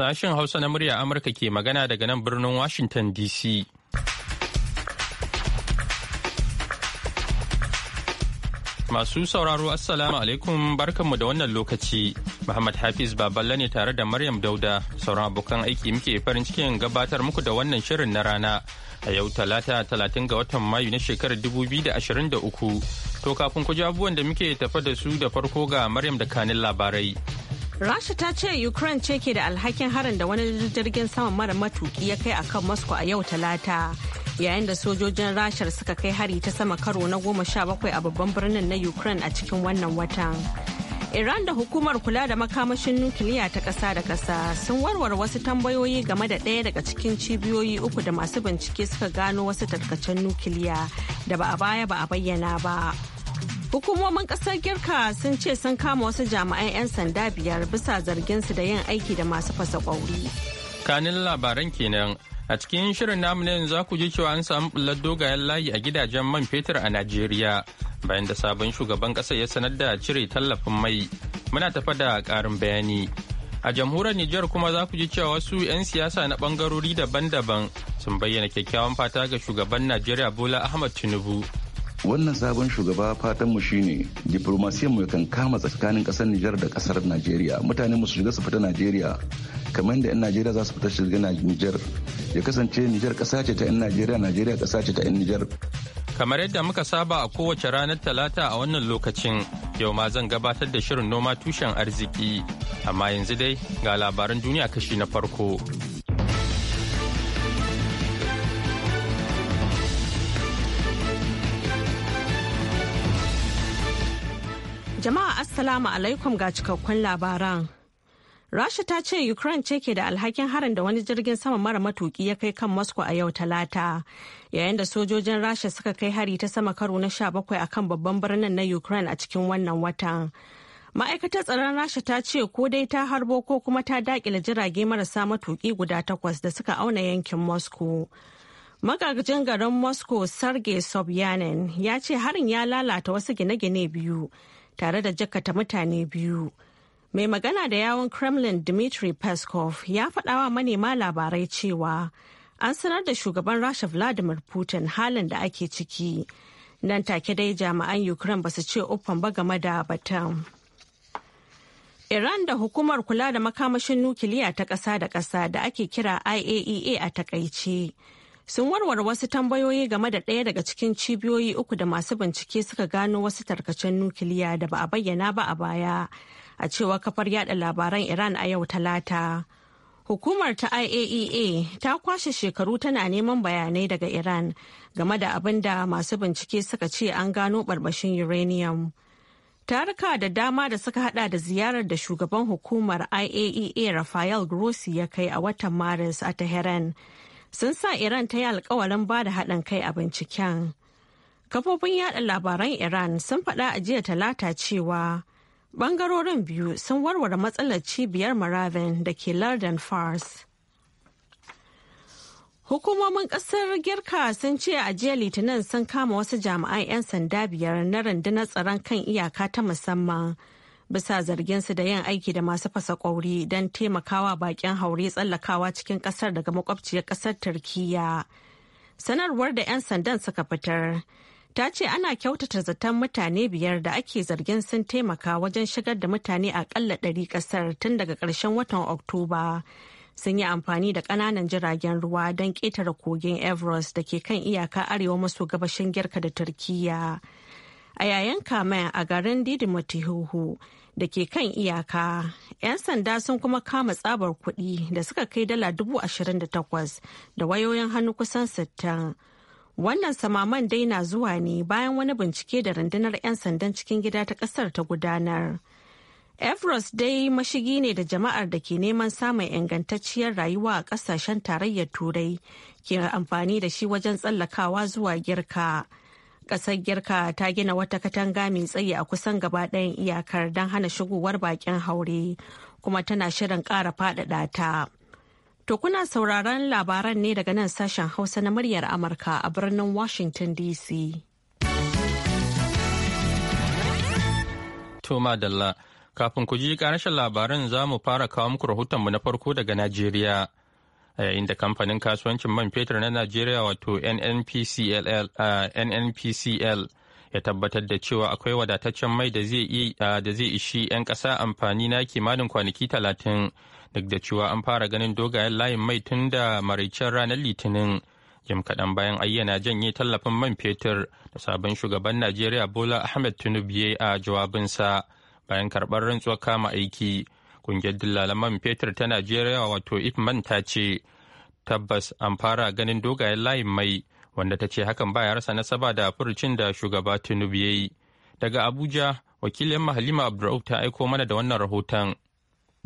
Sashen Hausa na murya Amurka ke magana daga nan birnin Washington DC. Masu sauraro Assalamu alaikum barkanmu da wannan lokaci. Muhammad Hafiz baballa ne tare da Maryam Dauda sauran abokan aiki muke farin cikin gabatar muku da wannan shirin na rana. A yau talata talatin ga watan Mayu na shekarar 2023. To kafin ku ji abubuwan da muke tafa da su da farko ga Maryam da kanin labarai. Rasha ta ce Ukraine ce ke da alhakin harin da wani jirgin saman mara matuki ya kai a kan Moscow a yau talata. Yayin da sojojin rasha suka kai hari ta sama karo na goma sha bakwai a babban birnin na Ukraine a cikin wannan watan. Iran da hukumar kula da makamashin nukiliya ta ƙasa da ƙasa sun warware wasu tambayoyi game da ɗaya daga cikin cibiyoyi uku da masu bincike suka gano wasu tarkacen nukiliya da ba a baya ba a bayyana ba. Hukumomin kasar Girka sun ce sun kama wasu jami'an 'yan sanda biyar bisa zarginsu da yin aiki da masu fasa kwauri. Kanin labaran kenan a cikin shirin namu ne za ku ji cewa an samu bullar dogayen layi a gidajen man fetur a Najeriya bayan da sabon shugaban ƙasar ya sanar da cire tallafin mai. Muna tafa da karin bayani. A jamhuriyar Nijar kuma za ku ji cewa wasu 'yan siyasa na bangarori daban-daban sun bayyana kyakkyawan fata ga shugaban Najeriya Bola Ahmad Tinubu wannan sabon shugaba fatanmu shine diplomasiyan mu kan kama tsakanin kasar Nijar da kasar Najeriya mutane musu shiga su fita Najeriya kamar da 'yan Najeriya za su fita shiga Nijar ya kasance Nijar kasa ce ta 'yan Najeriya Najeriya kasa ce ta 'yan Nijar kamar yadda muka saba a kowace ranar talata a wannan lokacin yau ma zan gabatar da shirin noma tushen arziki amma yanzu dai ga labaran duniya kashi na farko Jama'a Assalamu alaikum ga cikakkun labaran. Rasha ta ce Ukraine ce ke da alhakin harin da wani jirgin sama mara matuki ya kai kan Moscow a yau talata. Yayin da sojojin Rasha suka kai hari ta sama karo na 17 a kan babban birnin na Ukraine a cikin wannan watan. Ma'aikatar tsaron Rasha ta ce ko dai ta harbo ko kuma ta dakile jirage marasa matuki guda takwas da suka auna yankin Moscow. magajin garin Moscow Sergei Sobyanin ya ce harin ya lalata wasu gine-gine biyu. tare da jakata mutane biyu. Mai magana da yawon Kremlin Dmitry Peskov ya faɗawa manema labarai cewa an sanar da shugaban Rasha Vladimir Putin halin da ake ciki. Nan take dai jami'an Ukraine basu ce uffan ba game da batun. Iran da hukumar kula da makamashin nukiliya ta ƙasa da ƙasa da ake kira IAEA e a takaice. sun warware wasu tambayoyi game da ɗaya daga cikin cibiyoyi uku da masu bincike suka gano wasu tarkacen nukiliya da ba a bayyana ba a baya a cewa kafar yada labaran iran a yau talata hukumar ta iaea e ta kwashe shekaru tana neman bayanai daga iran game da abin da masu bincike suka ce an gano barbashin uranium taruka da dama da suka hada da ziyarar da shugaban hukumar iaea e rafael grossi ya kai a watan maris a tehran sun sa Iran ta yi alkawarin ba da haɗin kai a binciken. Kafofin yaɗa labaran Iran sun faɗa a jiya talata cewa ɓangarorin biyu sun warware matsalar cibiyar Maravin da ke lardin Fars. Hukumomin ƙasar Girka sun ce a jiya Litinin sun kama wasu jami'an 'yan sanda biyar na rundunar tsaron kan iyaka ta musamman bisa su da yin aiki da masu fasa kwauri don taimakawa bakin haure tsallakawa cikin kasar daga makwabciyar kasar turkiya sanarwar da 'yan sandan suka fitar ta ce ana kyautata zaton mutane biyar da ake zargin sun taimaka wajen shigar da mutane akalla ɗari kasar tun daga ƙarshen watan oktoba sun yi amfani da ƙananan jiragen ruwa don ƙetare kogin Evros da ke kan iyaka arewa maso gabashin girka da turkiya a yayin kamen a garin didi matihuhu da ke kan iyaka 'yan sanda sun kuma kama tsabar kuɗi da suka kai dala dubu ashirin da takwas da wayoyin hannu kusan sittin wannan samaman dai na zuwa ne bayan wani bincike da rundunar 'yan sandan cikin gida ta ƙasar ta gudanar evros dai mashigi ne da jama'ar da ke neman samun ingantacciyar rayuwa a ƙasashen tarayyar turai ke amfani da shi wajen tsallakawa zuwa girka. kasar Girka ta gina wata katanga mai tsayi a kusan gaba ɗayan iyakar don hana shigowar bakin haure kuma tana shirin ƙara faɗaɗa ta. To kuna sauraron labaran ne daga nan sashen Hausa na muryar Amurka a birnin Washington DC. kafin ku ji karashin labarin za mu fara kawo muku rahotonmu na farko daga Najeriya. a yayin da kamfanin kasuwancin man fetur na najeriya wato nnpcl ya tabbatar da cewa akwai wadataccen mai da zai ishi 'yan ƙasa amfani na kimanin kwanaki talatin duk da cewa an fara ganin dogayen layin mai tun da maraicen ranar litinin jim kaɗan bayan ayyana janye tallafin man fetur da sabon shugaban najeriya bola ahmed tinubu a jawabinsa bayan karɓar rantsuwar kama aiki Kungiyar dillalan man fetur ta Najeriya wato Ifman ta ce tabbas an fara ganin dogayen layin mai wanda ta ce hakan ba ya rasa nasaba da furucin da shugaba Tinubu ya Daga Abuja, wakilin Mahalima Abdur'auf ta aiko mana da wannan rahoton.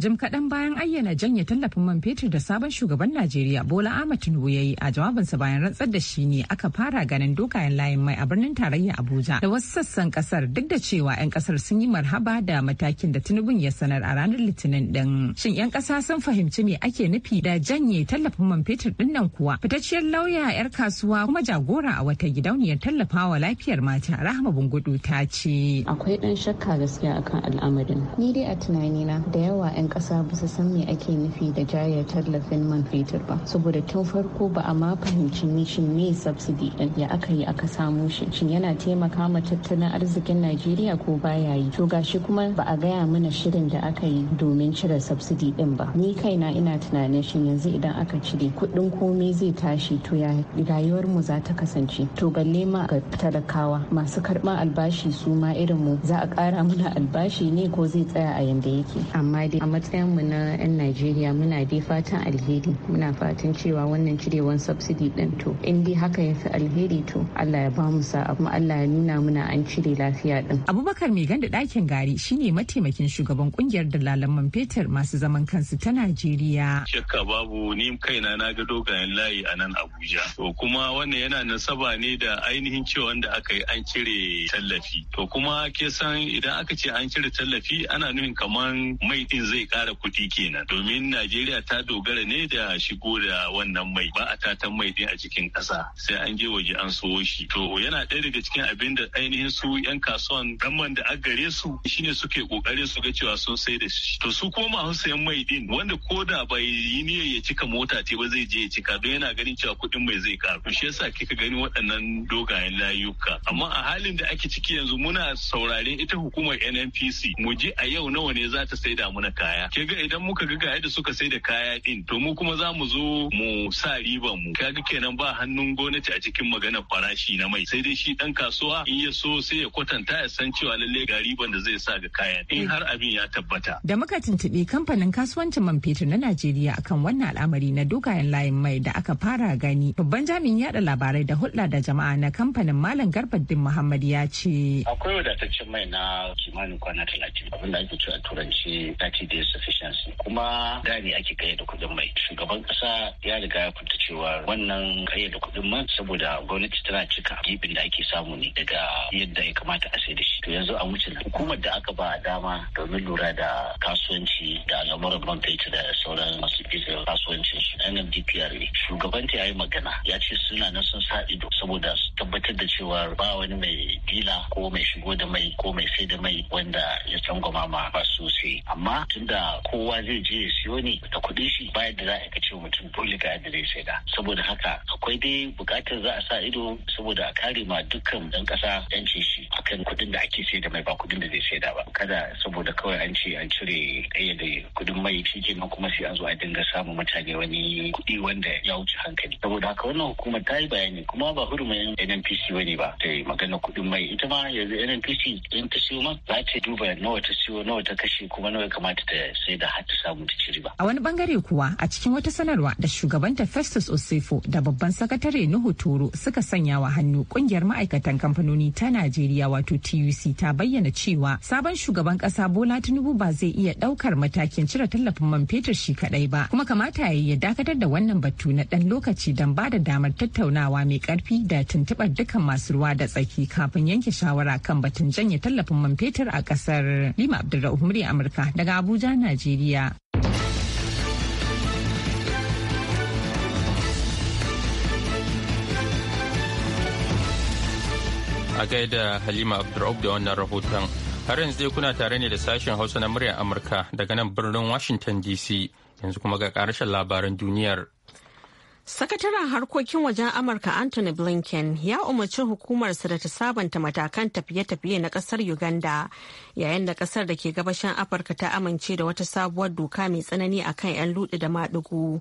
Jim kaɗan bayan ayyana janye tallafin man fetur da sabon shugaban Najeriya Bola Ahmed Tinubu ya yi a jawabinsa bayan rantsar da shi ne aka fara ganin dokayen layin mai a birnin tarayya Abuja da wasu sassan kasar duk da cewa 'yan kasar sun yi marhaba da matakin da Tinubu ya sanar a ranar Litinin din. Shin 'yan kasa sun fahimci me ake nufi da janye tallafin man fetur din nan kuwa? Fitacciyar lauya 'yar kasuwa kuma jagora a wata gidauniyar tallafawa lafiyar mata Rahama Bungudu ta ce. Akwai ɗan shakka gaskiya akan al'amarin. Ni dai a tunanina da yawa 'yan ƙasa ba san me ake nufi da jayar tallafin man fetur ba saboda tun farko ba a ma fahimci mishin me subsidy din ya aka yi aka samu shi shin yana taimaka ma tattalin arzikin Najeriya ko baya yi to gashi kuma ba a gaya mana shirin da aka yi domin cire subsidy din ba ni kaina ina tunanin shin yanzu idan aka cire kuɗin komai zai tashi to ya rayuwar mu za ta kasance to balle ma ga talakawa masu karban albashi su ma irin mu za a ƙara mana albashi ne ko zai tsaya a yanda yake amma dai mu na 'yan najeriya muna dai fatan alheri muna fatan cewa wannan cirewan subsidy din to in dai haka ya fi alheri to allah ya bamu mu sa'a allah ya nuna muna an cire lafiya din abubakar mai ganda dakin gari shine mataimakin shugaban kungiyar dalalan man fetur masu zaman kansu ta najeriya shakka babu ni kaina na ga dogayen layi a nan abuja to kuma wannan yana nasaba ne da ainihin cewa da aka yi an cire tallafi to kuma ke san idan aka ce an cire tallafi ana nufin kamar mai din zai zai kara kuɗi kenan domin Najeriya ta dogara ne da shigo da wannan mai ba a tatan mai din a cikin kasa sai an je waje an so shi to yana ɗaya daga cikin abin da ainihin su yan kasuwan gamman da aka gare su shine suke kokarin su ga cewa sun sai da shi to su kuma masu sayan mai din wanda ko da bai yi niyyar ya cika mota ce ba zai je ya cika don yana ganin cewa kuɗin mai zai karu shi yasa kika gani waɗannan dogayen layuka amma a halin da ake ciki yanzu muna sauraren ita hukumar NNPC mu je a yau nawa ne za ta sai da muna kaya kaya Ke ga idan muka ga yadda suka sai da kaya din to mu kuma za mu zo mu sa riban mu kaga kenan ba hannun gwamnati a cikin maganar farashi na mai sai dai shi dan kasuwa in ya so sai ya kwatanta ya san cewa lalle ga riban da zai sa ga kayan in mm. har abin ya tabbata da muka tuntuɓe kamfanin kasuwancin man fetur na Najeriya akan wannan al'amari na dogayen layin mai da aka fara gani babban jami'in yada labarai da hulɗa da jama'a na kamfanin Malam Garbaddin Muhammad ya ce akwai wadataccen mai na kimanin kwana talatin abinda ake cewa turanci 30 days insufficiency kuma gani ake da kuɗin mai shugaban kasa ya riga ya fita cewa wannan kayyade kuɗin man saboda gwamnati tana cika gibin da ake samu ne daga yadda ya kamata a sai da shi to yanzu a wuce hukumar da aka ba dama domin lura da kasuwanci da al'amuran man fetur da sauran masu bizar kasuwancin su NMDPRA shugabanta ya yi magana ya ce suna nan sun sa ido saboda su tabbatar da cewa ba wani mai dila ko mai shigo da mai ko mai sai da mai wanda ya tsangwama ma ba sai amma tunda da kowa zai je ya siyo ne da kuɗin shi bayan da za a kace mutum dole ga yadda zai saida saboda haka akwai dai buƙatar za a sa ido saboda a kare ma dukkan ɗan ƙasa yancin shi akan kuɗin da ake saida mai ba kuɗin da zai saida ba kada saboda kawai an ce an cire da kuɗin mai shi kenan kuma sai an zo a dinga samun mutane wani kuɗi wanda ya wuce hankali saboda haka wannan hukumar ta yi bayani kuma ba hurumin NNPC wani ba ta yi magana kuɗin mai ita ma yanzu NNPC in ta siyo ma za ta duba nawa ta siyo nawa ta kashe kuma nawa kamata sai da har ta samu ta ci riba. A wani bangare kuwa a cikin wata sanarwa da shugabanta Festus Osefo da babban sakatare Nuhu Toro suka sanya wa hannu kungiyar ma'aikatan kamfanoni ta Najeriya wato TUC ta bayyana cewa sabon shugaban kasa Bola Tinubu ba zai iya daukar matakin cire tallafin man fetur shi kadai ba kuma kamata ya ya dakatar da wannan batu na dan lokaci don ba da damar tattaunawa mai karfi da tuntubar dukkan masu ruwa da tsaki kafin yanke shawara kan batun janye tallafin man fetur a kasar. Lima Abdulrahman Amurka daga Abuja Abuja, Najeriya. A gaida Halima Abdur'ub da wannan rahoton. Har yanzu dai kuna tare ne da sashen Hausa na muryar Amurka daga nan birnin Washington DC. Yanzu kuma ga ƙarshen labaran duniyar. Sakataren harkokin wajen Amurka Anthony Blinken ya umarci hukumarsa da ta sabanta matakan tafiye-tafiye na kasar Uganda yayin da kasar da ke gabashin Afirka ta amince da wata sabuwar doka mai tsanani akan 'yan ludi da maɗigo.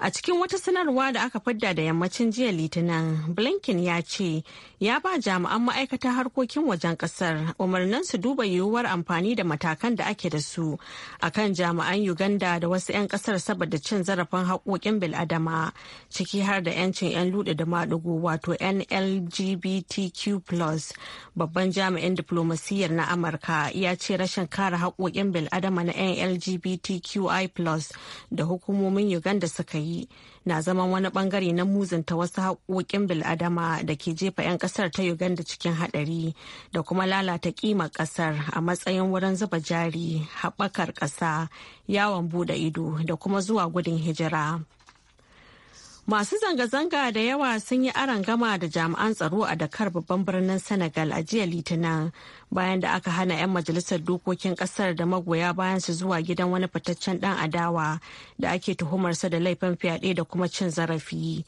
A cikin wata sanarwa da aka fadda da yammacin jiya Litinin, Blinken ya ce ya ba jami'an ma'aikatan harkokin wajen kasar umarnin su duba yiwuwar amfani da matakan da ake da su akan jami'an Uganda da wasu 'yan kasar saboda cin zarafin haƙoƙin bil'adama ciki har da 'yancin 'yan luɗe da maɗigo wato NLGBTQ+. Babban jami'in diplomasiyyar na Amurka ya ce rashin kare haƙoƙin bil'adama na NLGBTQI+ da hukumomin Uganda suka yi yi na zaman wani bangare na muzinta wasu haƙoƙin bil'adama da ke jefa 'yan ƙasar ta Uganda cikin haɗari da kuma lalata ƙimar ƙasar a matsayin wurin zuba jari, haɓakar ƙasa, yawon buɗe ido da kuma zuwa gudun hijira. Masu zanga-zanga da yawa sun yi gama da jami'an tsaro a Dakar babban birnin Senegal a jiya Litinin bayan da aka hana 'yan majalisar dokokin kasar da magoya bayan su zuwa gidan wani fitaccen dan adawa da ake tuhumarsa da laifin fyaɗe da kuma cin zarafi.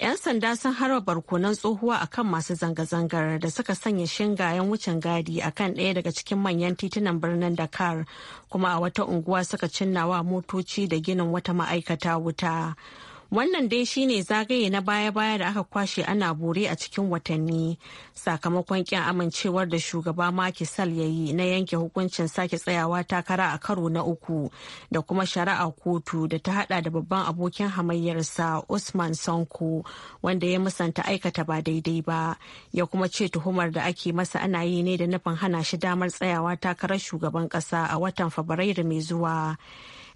'Yan sanda sun harba barkonan tsohuwa akan masu zanga-zangar da suka sanya shingayen wucin gadi akan ɗaya daga cikin manyan titunan birnin Dakar kuma a wata unguwa suka cinnawa motoci da ginin wata ma'aikata wuta. Wannan dai shine zagaye na baya-baya da aka kwashe ana bore a cikin watanni sakamakon kyan amincewar da shugaba maki sal ya yi na yanke hukuncin sake tsayawa takara a karo na uku da kuma shari'a kotu da ta hada da babban abokin hamayyarsa Usman sanko wanda ya musanta aikata ba daidai ba ya kuma ce tuhumar da ake masa ana yi ne da nufin hana shi damar tsayawa takarar shugaban kasa a watan Fabrairu mai zuwa.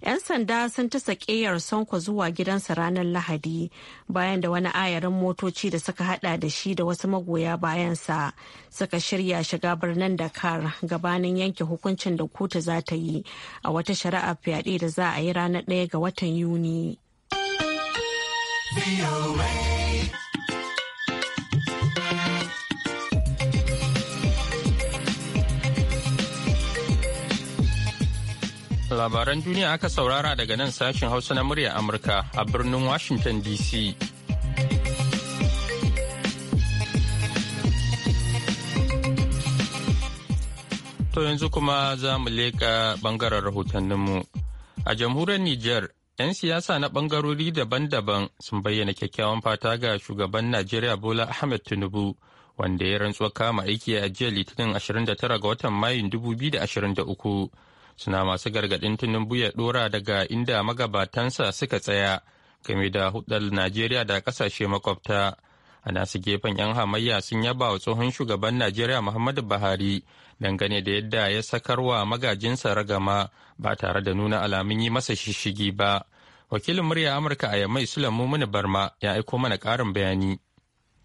'Yan sanda sun ta sakeyar Sonko zuwa gidansa ranar Lahadi bayan da wani ayarin motoci da suka hada da shi da wasu magoya bayansa suka shirya shiga birnin Dakar gabanin yanke hukuncin da kotu za ta yi a wata shari'a fyaɗe da za a yi ranar ɗaya ga watan Yuni. Labaran duniya aka saurara daga nan sashen Hausa na murya Amurka a birnin Washington DC. To yanzu kuma za mu leƙa ɓangaren rahotanninmu. A jamhuriyar Nijar, 'yan siyasa na ɓangarori daban-daban sun bayyana kyakkyawan fata ga shugaban Najeriya Bola Ahmed Tinubu. wanda ya rantsuwa kama aiki a jiya litinin 29 ga watan mayun 2023 suna masu gargadin tunin buya ɗora daga inda magabatansa suka tsaya game da hudar najeriya da ƙasashe makwabta a nasu gefen 'yan hamayya sun yaba wa tsohon shugaban najeriya muhammadu buhari dangane da yadda ya sakarwa magajinsa ragama ba tare da nuna alamun yi masa shishigi ba wakilin murya amurka a yamai sulamu mini barma ya aiko mana ƙarin bayani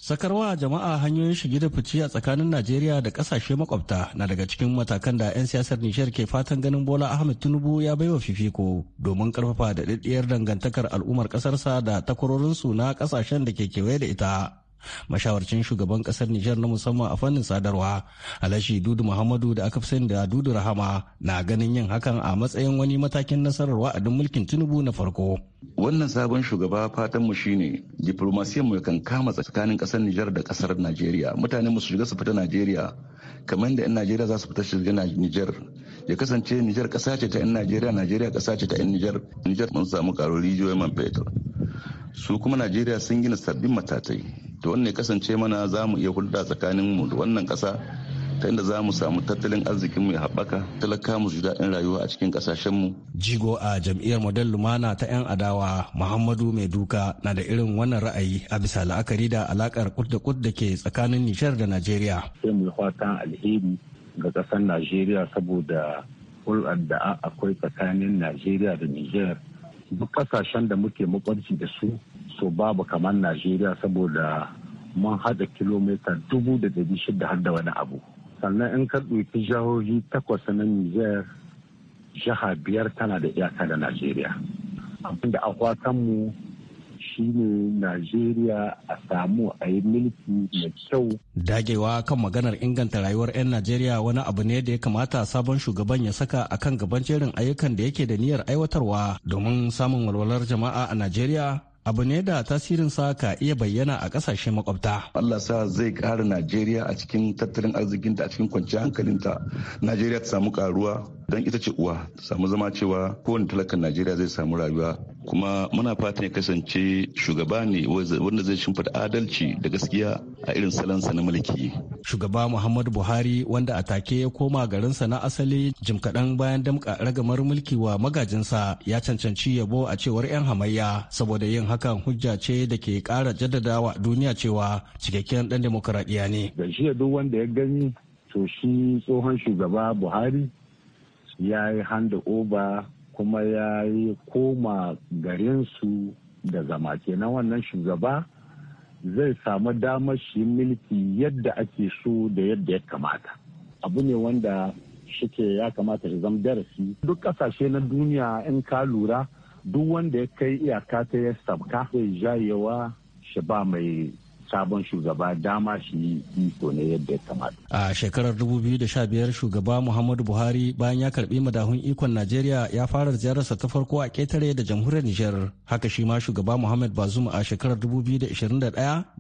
Sakarwa jama'a hanyoyin shige da fice a tsakanin Najeriya da kasashe makwabta na daga cikin matakan da 'yan siyasar Nishar ke fatan ganin Bola Ahmed Tinubu ya baiwa fifiko domin karfafa da daddiyar dangantakar al'ummar kasarsa da takwarorinsu na kasashen da ke kewaye da ita. mashawarcin shugaban kasar Nijar na musamman a fannin sadarwa Alhaji Dudu Muhammadu da aka fi sani da Dudu Rahama na ganin yin hakan a matsayin wani matakin nasarar wa'adin mulkin Tinubu na farko. Wannan sabon shugaba fatan mu shine diplomasiyyar mu kan kama tsakanin kasar Nijar da kasar Najeriya mutane mu su shiga su fita Najeriya kamar da 'yan Najeriya za su fita shiga Nijar ya kasance Nijar kasa ce ta 'yan Najeriya Najeriya kasa ce ta 'yan Nijar Nijar mun samu karo rijiyoyin man fetur su kuma najeriya sun gina sabbin matatai da wannan ya kasance mana za mu iya hulɗa tsakanin mu da wannan ƙasa ta inda za mu samu tattalin arzikin mai haɓaka talaka mu su daɗin rayuwa a cikin ƙasashenmu. jigo a jam'iyyar model lumana ta 'yan adawa muhammadu mai duka na da irin wannan ra'ayi a bisa la'akari da alaƙar kud da ke tsakanin nishar da najeriya. sai mu yi fatan alheri ga ƙasar najeriya saboda hulɗar da akwai tsakanin najeriya da nijar duk kasashen da muke makwabci da su so babu kamar najeriya saboda mun haɗa kilomita dubu da ɗari shida har da wani abu sannan in ka ɗauki jihohi takwas na niger jiha biyar tana da iyaka da najeriya abinda akwatanmu shine Najeriya a samu a yi mulki mai kyau. Dagewa kan maganar inganta rayuwar 'yan Najeriya wani abu ne da ya kamata sabon shugaban ya saka a kan gaban jerin ayyukan da yake da niyyar aiwatarwa domin samun walwalar jama'a a Najeriya abu ne da tasirinsa ka iya bayyana a kasashe makwabta. Allah sa zai kara Najeriya a cikin tattalin arzikinta a cikin kwanciyar hankalinta. Najeriya ta samu karuwa don ita ce uwa samu zama cewa kowane talakan najeriya zai samu rayuwa kuma muna fatan ya kasance shugaba ne wanda zai shimfida adalci da gaskiya a irin salansa na mulki shugaba muhammadu buhari wanda a take ya koma garinsa na asali jim kaɗan bayan damƙa ragamar mulki wa magajinsa ya cancanci yabo a cewar 'yan hamayya saboda yin hakan hujja ce da ke ƙara jaddadawa duniya cewa cikakken ɗan demokuraɗiyya ne. Gashi duk wanda ya gani to shi tsohon shugaba Buhari ya yi hand over kuma ya yi koma garinsu da zama na wannan shugaba zai samu damar shi mulki yadda ake so da yadda ya kamata abu ne wanda shike ya kamata ya zama darasi duk kasashe na duniya in ka lura duk wanda ya kai iyaka ta ya sabka zai jayewa shi ba mai sabon shugaba dama shi yi iko ne yadda ya kamata. A shekarar 2015 shugaba Muhammadu Buhari bayan ya karbi madahun ikon Najeriya ya fara ziyararsa ta farko a ketare da jamhuriyar Nijar. Haka shi ma shugaba Muhammad bazuma a shekarar 2021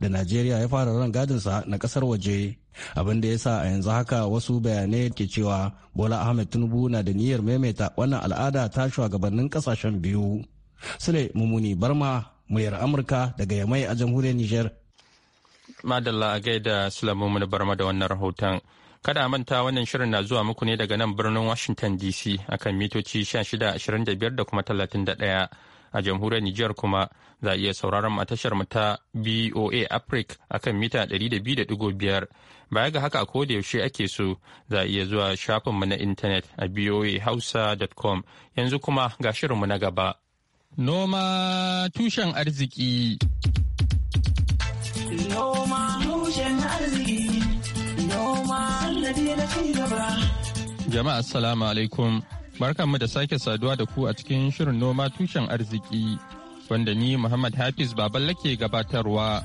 da Najeriya ya fara ran gadinsa na kasar waje. abin da ya sa a yanzu haka wasu bayanai ke cewa bola ahmed tinubu na da niyyar maimaita wannan al'ada ta shugabannin kasashen biyu sule mumuni barma muryar amurka daga yamai a jamhuriyar niger Madalla a gaida Sulaimu Barma da wannan rahoton. Kada manta wannan shirin na zuwa muku ne daga nan birnin Washington DC akan mitoci 1625 da kuma 31 a jamhuriyar Nijar kuma za iya sauraron a tashar mu ta BOA Africa akan mita 200.5 baya ga haka a koda yaushe ake so za iya zuwa shafinmu na intanet a boahausa.com yanzu kuma ga shirinmu na gaba. Noma tushen arziki. Noma tushen arziki, noma na Jama'a assalamu alaikum. mu da sake saduwa da ku a cikin shirin noma tushen arziki wanda ni Muhammad Hafiz baballa ke gabatarwa.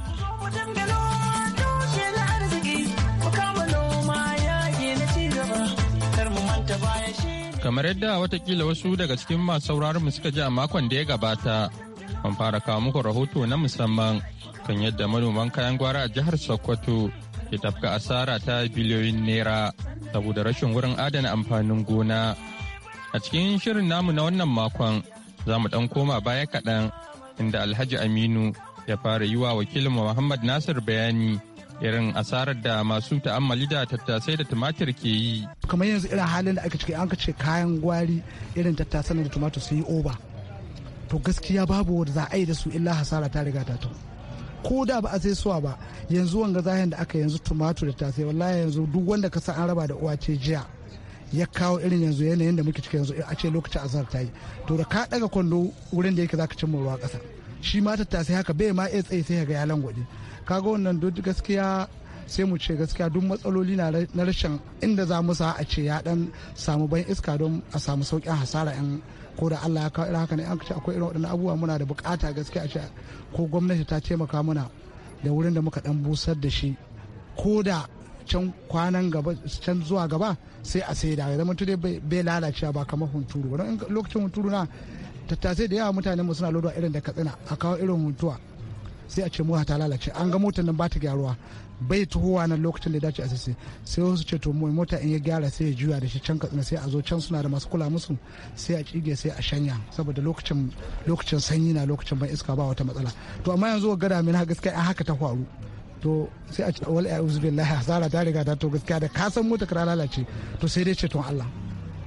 Kamar yadda watakila wasu daga cikin masu sauraron mu suka ji a makon da ya gabata, an fara kawo muku rahoto na musamman kan yadda manoman kayan gwara a jihar Sokoto ke tafka asara ta biliyoyin naira saboda rashin wurin adana amfanin gona. A cikin shirin namu na wannan makon za mu ɗan koma baya kaɗan inda Alhaji Aminu ya fara yi wa wakilin Muhammad Nasir bayani irin asarar da masu ta'ammali da tattasai da tumatir ke yi. Kamar yanzu irin halin da aka ciki an ka ce kayan gwari irin tattasai da tumatir sun yi oba. to gaskiya babu wanda za a yi da su illa hasara ta riga ta ko da ba a sai suwa ba yanzu wanga zahin da aka yanzu tumatur da ta sai wallahi yanzu duk wanda ka san an raba da uwa ce jiya ya kawo irin yanzu yanayin da muke cikin yanzu a ce lokacin asar ta yi to da ka daga kwando wurin da yake zaka cimma ruwa kasa shi ma tattasai haka bai ma iya tsaye sai ga yalan gwade kaga wannan duk gaskiya sai mu ce gaskiya duk matsaloli na rashin inda za mu sa a ce ya dan samu ban iska don a samu sauƙin hasara 'yan ko da Allah ya kawo irin haka ne an ce akwai irin waɗannan abubuwa muna da bukata gaske a sha ko gwamnati ta taimaka muna da wurin da muka dan busar da shi ko da can kwanan gaba can zuwa gaba sai a sai da zama dai bai lalace ba kamar hunturu wannan lokacin hunturu na tattasai da yawa mutanen mu suna lodo irin da katsina a kawo irin hunturu. sai a ce mota ta lalace an ga motar nan ba ta gyaruwa bai tuhowa nan lokacin da ya dace a sisi sai wasu ce to mota in ya gyara sai ya juya da shi can katsina sai a zo can suna da masu kula musu sai a cige sai a shanya saboda lokacin lokacin sanyi na lokacin ban iska ba wata matsala to amma yanzu ga damina gaskiya haka ta faru to sai a ce wal a'udhu billahi hasara ta riga ta to gaskiya da ka san mota ka lalace to sai dai ceton Allah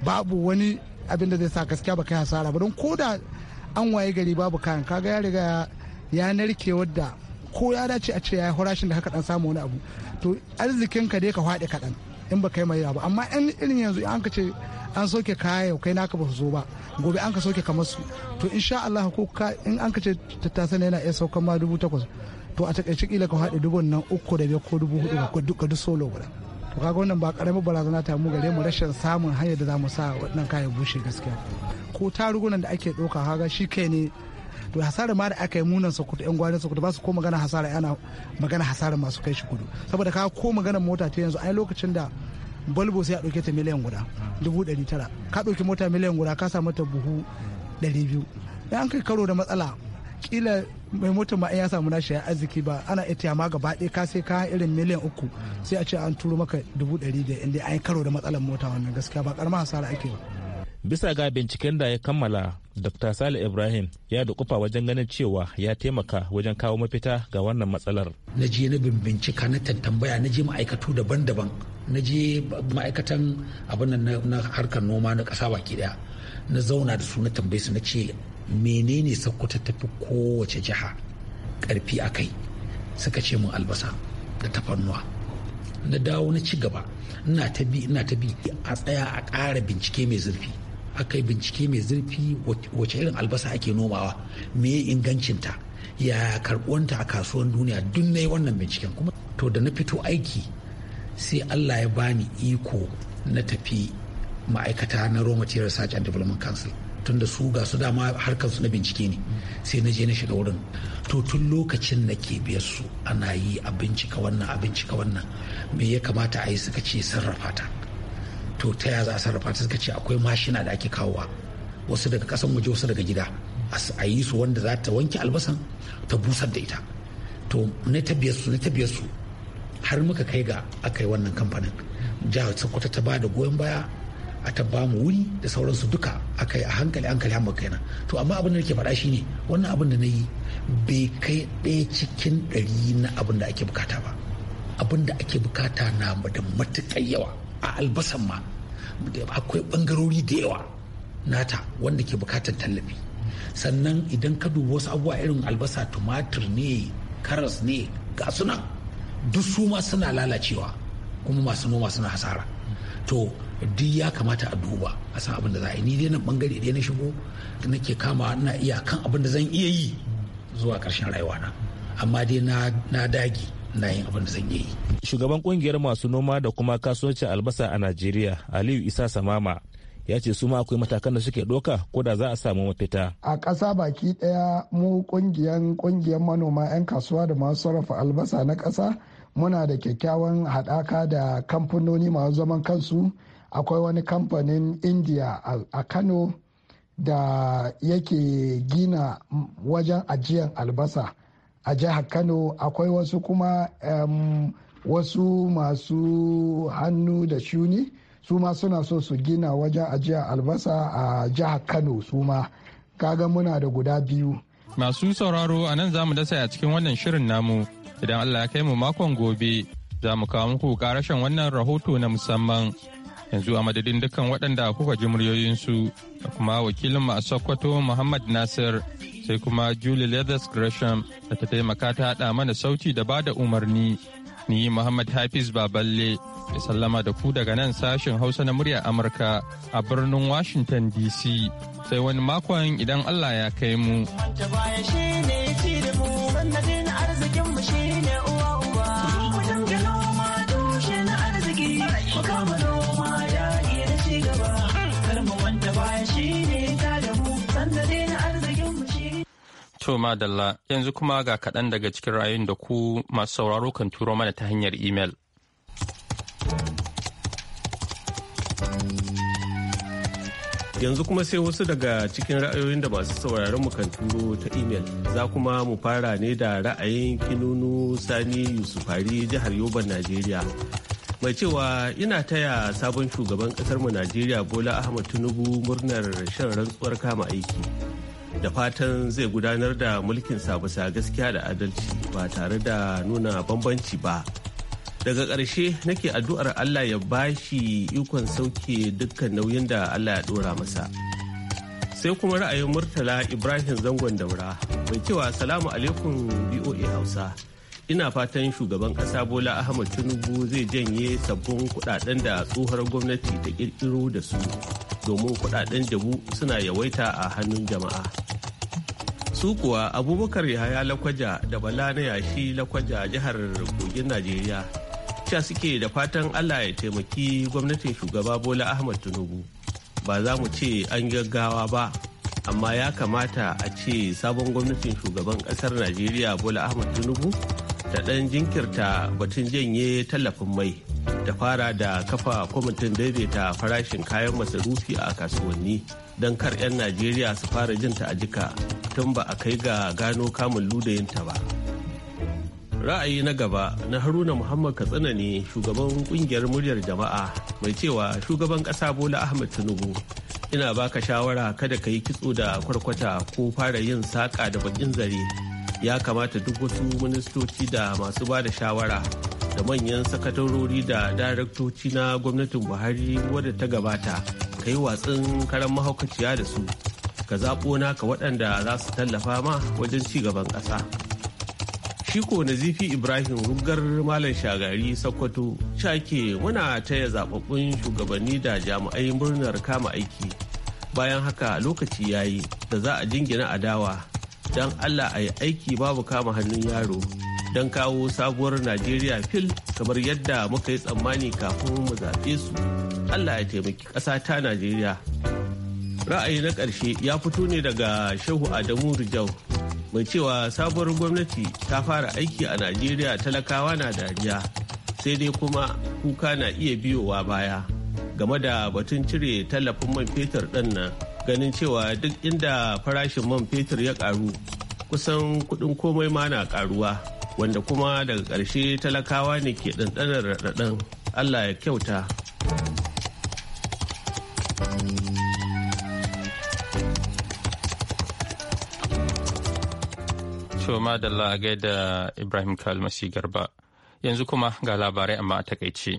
babu wani abin da zai sa gaskiya ba kai hasara ba don koda an waye gari babu kayan kaga ya riga ya narke wadda ko ya dace a ce ya horashin da haka dan samu wani abu to arzikin ka dai ka faɗi kaɗan in ba kai mai yawa ba amma in irin yanzu an ka ce an soke kaya yau kai naka ba su zo ba gobe an ka soke kamar su to insha Allah ko ka in an ka ce tattasan yana iya saukan ma dubu takwas to a takaice kila ka haɗe dubu nan uku da biyar ko dubu hudu ka duka duk solo guda to kaga wannan ba karamin barazana ta mu gare mu rashin samun hanyar da za mu sa waɗannan kayan bushe gaskiya ko tarugunan da ake ɗauka kaga shi kai ne to hasara ma da aka yi munan kudu yan gwanin kudu ba su ko magana hasara yana magana hasara masu kai shi kudu saboda ka ko magana mota ta yanzu ai lokacin da balbo sai a dauke ta miliyan guda dubu dari tara ka dauki mota miliyan guda ka samu ta buhu dari biyu dan an kai karo da matsala kila mai mota ma ya samu nashi ya arziki ba ana ita ma gaba ɗaya ka sai ka irin miliyan uku sai a ce an turo maka dubu dari da inda an karo da matsalar mota wannan gaskiya ba karamar hasara ake ba bisa ga binciken da ya kammala dr sale ibrahim ya da kufa wajen ganin cewa ya taimaka wajen kawo mafita ga wannan matsalar na je na bincika na tambaya na je ma'aikatu daban-daban na je ma'aikatan abin na harkar noma na ƙasa baki daya na zauna da su na tambaye su na ce menene ta tafi kowace jiha karfi a kai suka ce mun albasa da tafarnuwa na dawo na ci gaba ina ta bi a tsaya a ƙara bincike mai zurfi aka yi bincike mai zurfi wace irin albasa ake nomawa me ingancinta ya karbuwanta a kasuwan duniya duk na yi wannan binciken kuma to da na fito aiki sai allah ya bani iko na tafi ma'aikata na raw material research and development council tun su ga su dama harkar su na bincike ne sai na je na shiga wurin to tun lokacin na ke biyar su ana yi a bincika wannan a bincika wannan me ya kamata a yi suka ce sarrafa ta to ta ya za a sarrafa ta suka ce akwai mashina da ake kawowa wasu daga kasan waje wasu daga gida a yi su wanda za ta wanke albasan ta busar da ita to na tabiyar su na tabiyar su har muka kai ga aka yi wannan kamfanin jihar sokoto ta ba da goyon baya a ta ba mu wuri da sauransu duka aka yi a hankali hankali hamba to amma abin da nake faɗa shi ne wannan abin da na yi bai kai ɗaya cikin ɗari na abin da ake bukata ba abin da ake bukata na da matuƙar yawa a albasan ma akwai bangarori da yawa nata wanda ke bukatar tallafi sannan idan ka dubi wasu abubuwa irin albasa tumatir ne karas ne ga sunan duk su ma suna lalacewa kuma masu noma suna hasara to duk ya kamata a duba a san abin da za a yi ni dai nan bangare dai na shigo nake kama na iya kan abin da zan iya yi zuwa ƙarshen rayuwa na amma dai na dage na yin abin da zan yi shugaban kungiyar masu noma da kuma kasuwancin albasa a najeriya aliyu isa samama ya ce su ma akwai matakan da suke doka ko da za a samu mafita. A ƙasa baki ɗaya mu ƙungiyan kungiyan manoma 'yan kasuwa da masu sarrafa albasa na ƙasa muna da kyakkyawan haɗaka da kamfanoni masu zaman kansu akwai wani kamfanin indiya a Kano da yake gina wajen ajiyar albasa a jihar kano akwai wasu kuma um, wasu masu hannu da shuni su ma suna so su gina wajen ajiyar albasa a jihar kano su ma kaga muna da guda biyu masu sauraro a nan za mu dasa a cikin wannan shirin namu idan allah ya kai mu makon gobe za mu kawo muku karashen wannan rahoto na musamman yanzu a madadin dukkan waɗanda kuka ji muryoyinsu da kuma wakilinmu a sokoto muhammad nasir sai kuma Julie Leathers Gresham da ta taimaka ta haɗa mana sauti da bada umarni. Ni Muhammad Hafiz Baballe ya sallama da ku daga nan sashen Hausa na murya Amurka a birnin Washington DC sai wani makon idan Allah ya kai mu. To madalla yanzu kuma ga kaɗan daga cikin ra'ayin da ku masu sauraro kan turo mana ta hanyar imel. Yanzu kuma sai wasu daga cikin ra'ayoyin da masu sauraron mu kan turo ta imel. Za kuma mu fara ne da ra'ayin kinunu Sani Yusufari jihar Yoban Najeriya. mai cewa ina taya sabon shugaban kasar mu najeriya bola ahmad tinubu murnar shan rantsuwar kama aiki da fatan zai gudanar da mulkin bisa gaskiya da adalci ba tare da nuna bambanci ba daga ƙarshe nake addu'ar allah ya bashi ikon sauke dukkan nauyin da allah ya ɗora masa sai kuma ra'ayin murtala ibrahim zangon daura mai cewa salamu alaikum boa hausa ina fatan shugaban ƙasa bola ahmad tinubu zai janye sabbin kudaden da tsohuwar gwamnati ta ƙirƙiro da su domin kudaden jabu suna yawaita a hannun jama'a su kuwa abubakar yahaya lakwaja da bala na yashi lakwaja jihar kogin najeriya sha suke da fatan allah ya taimaki gwamnatin shugaba bola ahmad tinubu ba za mu ce an gaggawa ba amma ya kamata a ce sabon gwamnatin shugaban kasar najeriya bola ahmad tinubu ta ɗan jinkirta batun janye tallafin mai ta fara da kafa kwamitin daidaita farashin kayan masarufi a kasuwanni don kar 'yan najeriya su fara jinta a jika tun ba a kai ga gano kamun ludayinta ba ra'ayi na gaba na haruna muhammad katsina ne shugaban kungiyar muryar jama'a mai cewa shugaban kasa bola ahmed tinubu ina baka shawara kada ka yi kitso da kwarkwata ko fara yin saƙa da bakin zare ya kamata duk wasu ministoci da masu ba da shawara da manyan sakatarori da daraktoci na gwamnatin buhari wadda ta gabata ka yi watsin karan mahaukaciya da su ka zaɓo naka waɗanda za su tallafa ma wajen ci gaban ƙasa shiko nazifi ibrahim rugar malam shagari sokoto shake muna taya zaɓaɓɓun shugabanni da jami'ai murnar kama aiki bayan haka lokaci ya yi da za a jingina adawa don allah a yi aiki babu kama hannun yaro don kawo sabuwar najeriya fil kamar yadda muka yi tsammani kafin mu zaɓe su allah ya taimaki ƙasa ta najeriya ra'ayi na ƙarshe ya fito ne daga shehu adamu rijau mai cewa sabuwar gwamnati ta fara aiki a najeriya talakawa na dariya sai dai kuma kuka na iya biyowa baya game da batun cire tallafin man fetur ɗin nan ganin cewa duk inda farashin man fetur ya ƙaru kusan kuɗin komai ma na ƙaruwa wanda kuma daga ƙarshe talakawa ne ke ɗanɗanar raɗaɗin allah ya kyauta Shoma da da Ibrahim Kalmasi Garba. Yanzu kuma ga labarai amma a takaice.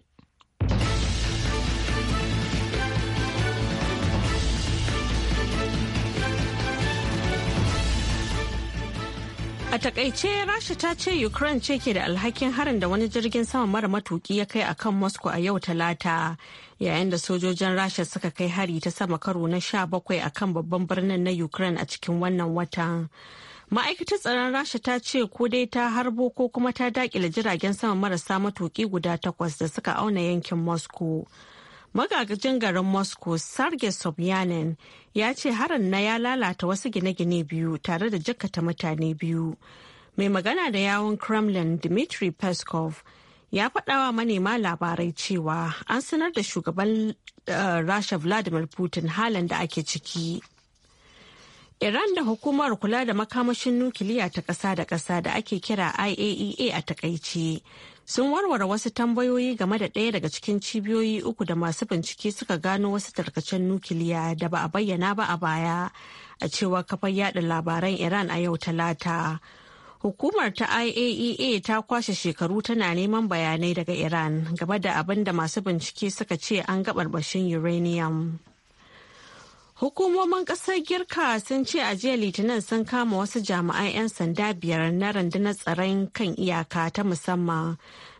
A takaice Rasha ta ce Ukraine ce ke da alhakin harin da wani jirgin sama mara matuki ya kai akan Moscow a yau talata yayin da sojojin Rasha suka kai hari ta sama karo na sha bakwai akan babban birnin na Ukraine a cikin wannan watan. Ma'aikatar tsaron Rasha ta ce ko dai ta harbo ko kuma ta dakile jiragen sama marasa matuki guda takwas da suka auna yankin Moscow. magagajin garin moscow sergei sobyanin ya ce harin na ya lalata wasu gine-gine biyu tare da jikata mutane biyu mai magana da yawon kremlin dmitry peskov ya faɗawa manema labarai cewa an sanar da shugaban eh, rasha vladimir putin halin da ake ciki Iran da hukumar kula da makamashin nukiliya ta ƙasa da ƙasa da ake kira IAEA e a takaice sun warware wasu tambayoyi game da ɗaya daga cikin cibiyoyi uku da masu bincike suka gano wasu tarkacen nukiliya da ba a bayyana ba a baya a cewa kafar yada labaran iran a yau talata hukumar ta iaea e ta kwashe shekaru tana neman bayanai daga iran game da abin da masu bincike suka ce an bashin uranium Hukumomin ƙasar Girka sun ce a jiya Litinin sun kama wasu jami'an 'yan sanda biyar na rundunar tsaron kan iyaka ta musamman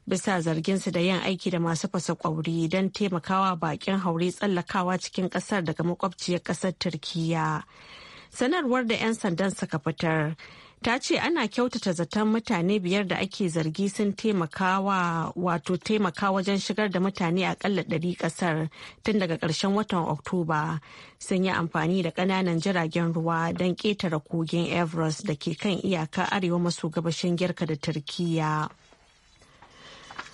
bisa zarginsu da yin aiki da masu fasa kwauri don taimakawa bakin haure tsallakawa cikin ƙasar daga makwabciyar ƙasar Turkiyya. Sanarwar da 'yan sandan suka fitar ta ce ana kyautata zaton mutane biyar da ake zargi sun taimakawa wato taimaka wajen shigar da mutane akalla ɗari ƙasar tun daga ƙarshen watan oktoba sun yi amfani da ƙananan jiragen ruwa don ƙetare kogin everest da ke kan iyaka arewa maso gabashin girka da turkiya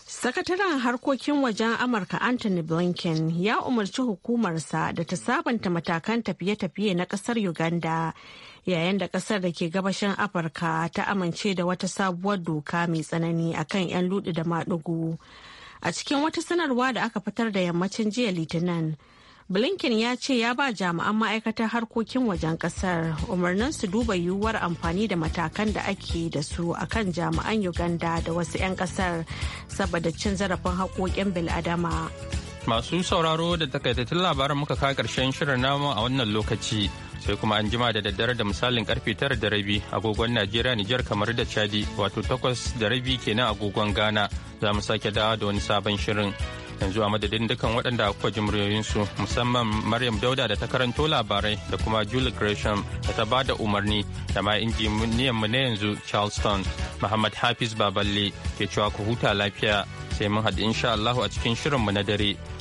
Sakataren harkokin wajen Amurka Anthony Blinken ya umarci hukumarsa da ta sabanta matakan tafiye-tafiye na kasar Uganda yayin da kasar da ke gabashin afirka ta amince da wata sabuwar doka mai tsanani akan 'yan ludu da maɗigo a cikin wata sanarwa da aka fitar da yammacin jiya litinin blinken ya ce ya ba jami'an ma'aikatar harkokin wajen kasar umarnin su duba yiwuwar amfani da matakan da ake da su akan jami'an uganda da wasu 'yan kasar saboda cin zarafin haƙoƙin bil'adama. adama Masu sauraro da takaitattun labaran muka kawo karshen shirin namu a wannan lokaci sai kuma an jima da daddare da misalin karfe tara da rabi agogon Najeriya Nijar kamar da Chadi wato takwas da rabi kenan agogon Ghana za mu sake dawa da wani sabon shirin. Yanzu a madadin dukan waɗanda kuka ji muryoyinsu musamman Maryam Dauda da ta karanto labarai da kuma Julie Gresham da ta ba da umarni da ma injiniyan mu na yanzu Charleston Muhammad Hafiz Baballe ke cewa ku huta lafiya sai mun haɗu insha Allahu a cikin shirinmu na dare.